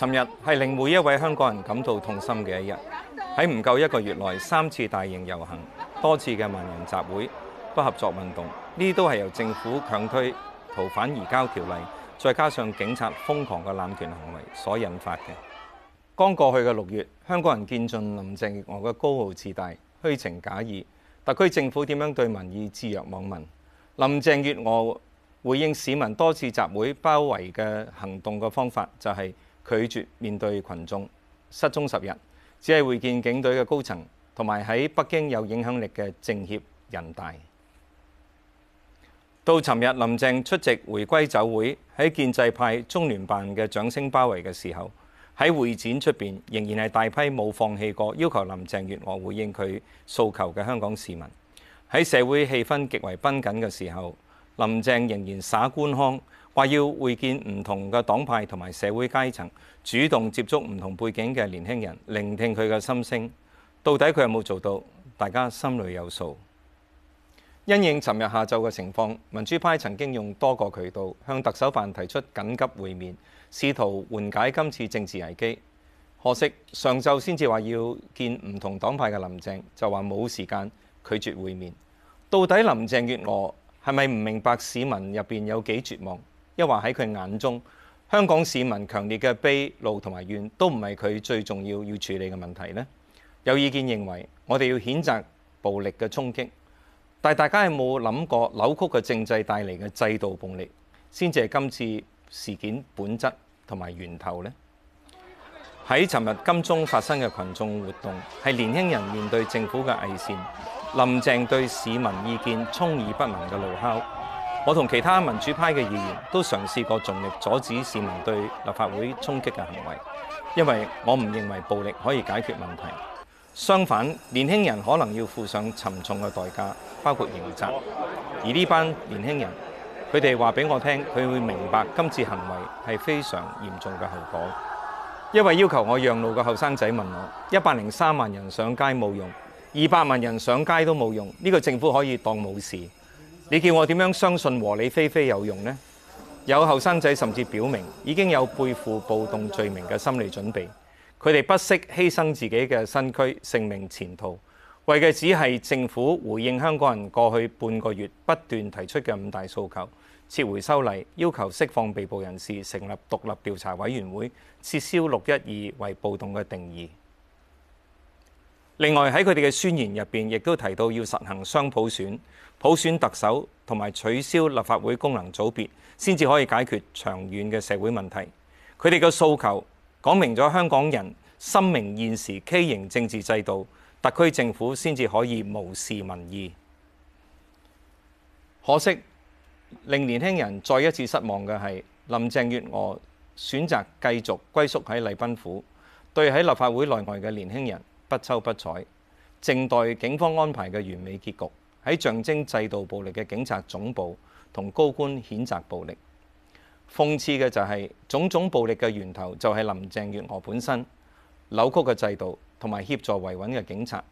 今日係令每一位香港人感到痛心嘅一日。喺唔夠一個月內，三次大型遊行，多次嘅民人集會、不合作運動，呢都係由政府強推逃犯移交條例，再加上警察瘋狂嘅攬團行為所引發嘅。剛過去嘅六月，香港人見盡林鄭月娥嘅高傲自大、虛情假意，特區政府點樣對民意置若罔聞？林鄭月娥回應市民多次集會包圍嘅行動嘅方法就係、是。拒絕面對群眾，失蹤十日，只係會見警隊嘅高層，同埋喺北京有影響力嘅政協、人大。到尋日林鄭出席回歸酒會，喺建制派中聯辦嘅掌聲包圍嘅時候，喺會展出便仍然係大批冇放棄過要求林鄭月娥回應佢訴求嘅香港市民。喺社會氣氛極為繃緊嘅時候，林鄭仍然耍官腔。話要會見唔同嘅黨派同埋社會階層，主動接觸唔同背景嘅年輕人，聆聽佢嘅心聲。到底佢有冇做到？大家心裏有數。因應尋日下晝嘅情況，民主派曾經用多個渠道向特首辦提出緊急會面，試圖緩解今次政治危機。可惜上晝先至話要見唔同黨派嘅林鄭，就話冇時間拒絕會面。到底林鄭月娥係咪唔明白市民入面有幾絕望？抑或喺佢眼中，香港市民強烈嘅悲怒同埋怨都唔係佢最重要要處理嘅問題呢？有意見認為，我哋要譴責暴力嘅衝擊，但大家是沒有冇諗過扭曲嘅政制帶嚟嘅制度暴力，先至係今次事件本質同埋源頭呢？喺尋日金鐘發生嘅群眾活動，係年輕人面對政府嘅偽善，林鄭對市民意見充耳不聞嘅怒吼。我同其他民主派嘅議員都嘗試過盡力阻止市民對立法會衝擊嘅行為，因為我唔認為暴力可以解決問題。相反，年輕人可能要付上沉重嘅代價，包括刑責。而呢班年輕人，佢哋話俾我聽，佢會明白今次行為係非常嚴重嘅後果。一位要求我讓路嘅後生仔問我：一百零三萬人上街冇用，二百萬人上街都冇用，呢個政府可以當冇事。你叫我點樣相信和理非非有用呢？有後生仔甚至表明已經有背負暴動罪名嘅心理準備，佢哋不惜犧牲自己嘅身軀性命、前途，為嘅只係政府回應香港人過去半個月不斷提出嘅五大訴求：撤回修例、要求釋放被捕人士、成立獨立調查委員會、撤銷六一二為暴動嘅定義。另外喺佢哋嘅宣言入邊亦都提到要實行雙普選、普選特首，同埋取消立法會功能組別先至可以解決長遠嘅社會問題，佢哋嘅訴求講明咗香港人心明現時畸形政治制度，特區政府先至可以無視民意。可惜令年輕人再一次失望嘅係林鄭月娥選擇繼續龜縮喺禮賓府，對喺立法會內外嘅年輕人。不抽不睬，靜待警方安排嘅完美結局。喺象徵制度暴力嘅警察總部同高官譴責暴力，諷刺嘅就係、是、種種暴力嘅源頭就係林鄭月娥本身扭曲嘅制度同埋協助維穩嘅警察，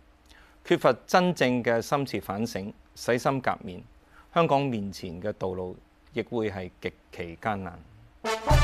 缺乏真正嘅深切反省洗心革面。香港面前嘅道路亦會係極其艱難。